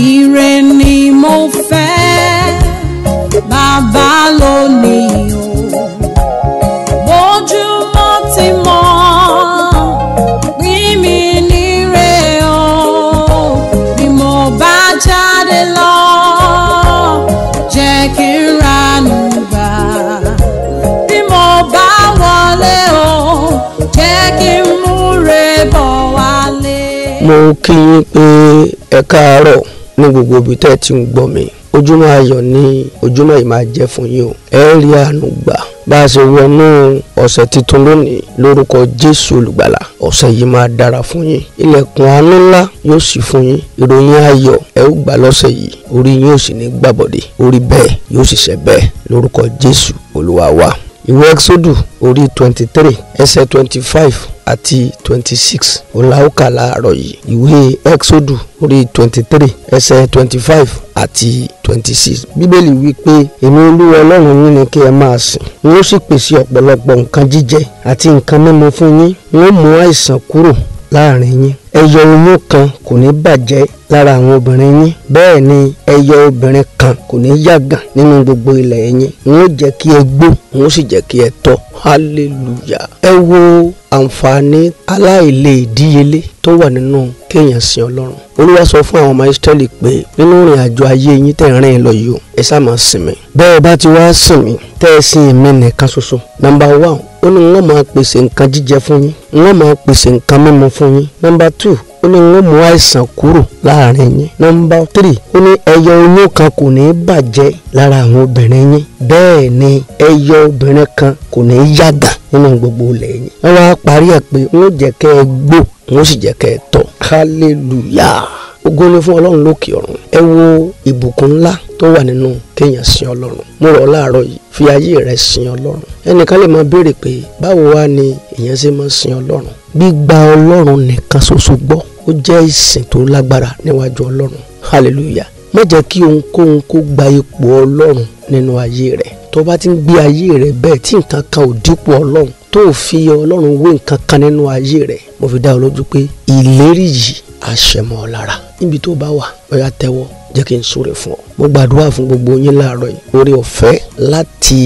Ire ni mo fẹ́ bàbá lónìí o. Bójúmọ́ ti mọ́ pín mi níre o. Bí mo bá jáde lọ, jẹ́ kí n ranú gbà. Bí mo bá wọlé o, jẹ́ kí n múre bọ̀ wálé. Mo kí yín pé ẹ káàárọ̀ ní gbogbo ibi tẹ́ ẹ ti ń gbọ́ mi ojúmọ́ ayọ̀ ni ojúmọ́ yìí máa jẹ́ fún yín o ẹ rí àánú gbà bá a ṣe wọnú ọ̀sẹ̀ tuntun lónìí lórúkọ jésù olùgbàlà ọ̀sẹ̀ yìí máa dára fún yín ilẹ̀kùn àánú ńlá yóò sì fún yín ìròyìn ayọ̀ ẹ ó gbà lọ́sẹ̀ yìí orí yín ò sì ní gbàbọ̀dé orí bẹ́ẹ̀ yóò sì ṣẹ bẹ́ẹ̀ lórúkọ jésù olúwa wa ìwé exodus orí twenty three ẹsẹ̀ twenty five àti twenty six ọ̀làwùkà láàárọ̀ yìí ìwé exodu orí twenty three ẹsẹ̀ twenty five àti twenty six bíbélì wí pé èmi olúwa ọlọ́run yín ni kí ẹ máa sìn n ó sì pèsè ọ̀pọ̀lọpọ̀ nǹkan jíjẹ àti nǹkan mímu fún yín n ó mú àìsàn kúrò láàrin yín ẹyọ oyún kan kò ní bàjẹ́ lára àwọn obìnrin yín bẹ́ẹ̀ ni ẹyọ obìnrin kan kò ní yàgàn nínú gbogbo ilẹ̀ yín n ó jẹ́ kí ẹ gbó n ó sì jẹ́ kí ẹ tọ́ hallelujah. ẹ wo àǹfààní aláìlèdíyelé tó wà nínú kéèyàn sin ọlọ́run olúwa sọ fún àwọn ọmọ israẹli pé nínú ìrìn àjò ayé yín tẹ̀ ń rìn lọ yìí o ẹ sáà máa bẹ́ẹ̀ bá ti wá sìn tẹ́ ẹ sin èmi nìkan ṣoṣo. nọ́mbà one ó ní wọ́n máa pèsè nǹkan jíjẹ fún yín wọ́n máa pèsè nǹkan mímu fún yín. nọ́mbà two ó ní wọ́n mú àìsàn kúrò láàrin yín. nọ́mbà tírì ó ní ẹyọ oyún kan kò ní bàjẹ́ lára àwọn obìnrin yín bẹ́ẹ̀ ni ẹyọ obìnrin kan kò ní yàgàn nínú gbogbo ilẹ̀ yín. wọ́n wá parí ẹ̀ pé wọ́n jẹ́ kẹ́ ẹ gbó wọ́n sì jẹ́ kẹ́ ẹ tọ̀. hallelujah ògo ni fún ọlọ́run lókè ọ̀run ẹ wo ìbùkún ńlá tó wà nínú kéèyàn sin ọlọ́run mo rọ̀ láàárọ̀ yìí fi ayé rẹ sin ọlọ́run ẹnìkan lè máa béèrè pé báwo wá ni èèyàn ṣe máa sin ọlọ́run gbígba ọlọ́run nìkan ṣoṣo gbọ́ ó jẹ́ ìsìn tó lágbára níwájú ọlọ́run hallelujah má jẹ́ kí ohunkóhun kó gba ipò ọlọ́run nínú ayé rẹ̀ tó bá ti ń gbé ayé rẹ̀ bẹ́ẹ̀ tí nǹkan kan ò dípò ọlọ́run tó fi ọlọ́run wé nǹkan kan nínú ayé rẹ̀ mo fi dá ọ lójú pé ìlérí yìí àṣẹmọ́ lára níbi tó bá wà ó tẹ́wọ́ jẹ́ kí n súre fún ọ. mo gbàdúrà fún gbogbo yín láàárọ̀ yìí oore ọ̀fẹ́ láti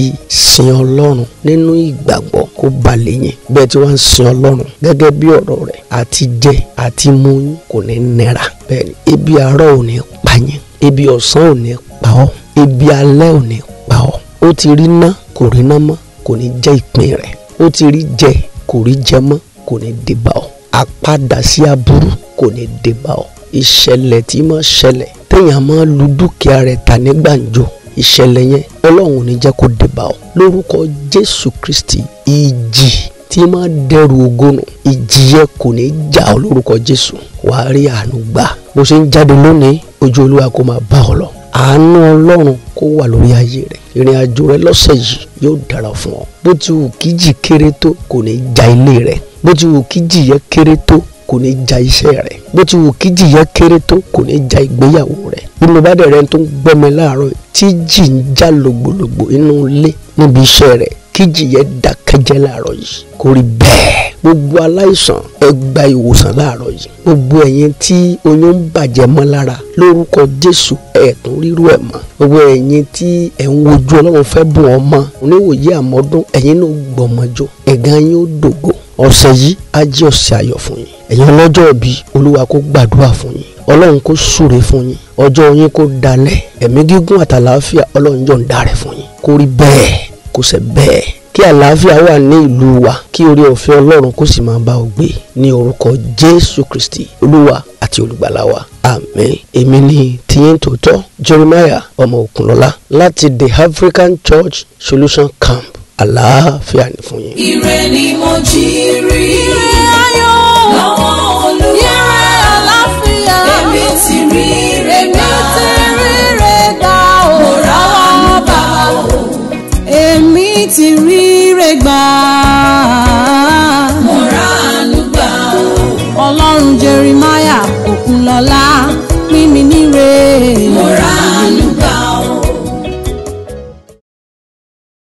sin ọlọ́run nínú ìgbàgbọ́ kó balẹ̀ yín bẹ́ẹ̀ tí wọ́n ń sin ọlọ́run gẹ́gẹ́ bí ọ̀rọ̀ rẹ̀ àti jẹ àti mu yín kò ní nira bẹ́ẹ̀ ni ebi àárọ̀ ò ní pa yín ebi ọ̀sán ò ní pa ọ́ ebi alẹ́ ò ní pa ọ́ ó ti rí ná kò rí ná mọ́ kò ní jẹ́ ìpín rẹ̀ ó ti rí jẹ kò rí jẹ mọ́ kò ní dé bá ọ àpadà sí aburú kò ní dé bá ọ ìṣẹ̀lẹ̀ tí máa ṣẹlẹ̀ téèyàn máa lu dúkìá rẹ̀ tà ní gbàǹjo ìṣẹ̀lẹ̀ yẹn ọlọ́run ò ní jẹ́ kó dé bá ọ lórúkọ jésù kristi ìjì tí máa dẹrù ogónù ìjì yẹn kò ní jà ọ lórúkọ jésù wàá rí àánú gbà bó ṣe ń jáde lónìí ojú olúwa kó máa bá ọ lọ àánú ọlọ́run kó wà lórí ayé rẹ ìrìn àjò rẹ lọ́sẹ̀ yìí yóò dára fún ọ bó ti wù kí kéré tó kò ní ja ilé rẹ bó ti wù kí jì kéré tó kò ní ja iṣẹ́ rẹ̀ bó ti wù kí jìyà kéré tó kò ní ja ìgbéyàwó rẹ̀ bí mo bá dẹ̀ rẹ́ni tó ń gbọ́ mi láàárọ̀ tí jì ń já lògbòlògbò inú ilé níbi iṣẹ́ rẹ̀ kí jìyà dákẹ́jẹ́ láàárọ̀ yìí kò rí bẹ́ẹ̀ gbogbo aláìsàn ẹ ìwòsàn láàárọ̀ yìí gbogbo ẹ̀yin tí oyún ń bàjẹ́ mọ́ lára lórúkọ jésù ẹ̀ẹ̀tún rírú ẹ̀ mọ́ gbogbo ẹ̀yin tí ẹ̀ ń wojú ọlọ́run fẹ́ bùn ọmọ oníwòye àmọ́dún ẹ̀yin náà gbọ̀mọ́jọ ẹ̀gán yín ó dògo ọ̀sẹ̀ yìí á jẹ́ ọ̀sẹ̀ ayọ̀ fún yín ẹ̀yin ọlọ́jọ́ òbí olúwa kó gbàdúrà fún yín ọlọ́run kó súre fún yín ọjọ́ yín kó dalẹ̀ ẹ̀mí gígùn àtàlàáfíà ọlọ́run jọ̀ ń darẹ̀ fún yín kó rí bẹ́ẹ̀ kó ṣe bẹ́ẹ̀ kí àlàáfíà wà ní ìlú wa kí orí ọ̀fẹ́ ọlọ́run kó sì máa bá ọ gbé ní orúkọ jésù kristi olúwa àti olùgbàlà wa àmín èmi ni tiyín tòótọ́ jeremiah ọmọ òkunlọ́lá láti the african church solution camp àlàáfíà ni fún yín. ire ni mo jí rí. ire ayọ̀ lọ́wọ́ olúwa. ire àlàáfíà. èmi ti rí rẹ̀ gbà. èmi ti rí rẹ̀ gbà o. mo rà wá o. èmi ti rí rẹ̀ gbà. mo rà á o. ọlọ́run Jeremiah Òkunlọ́lá.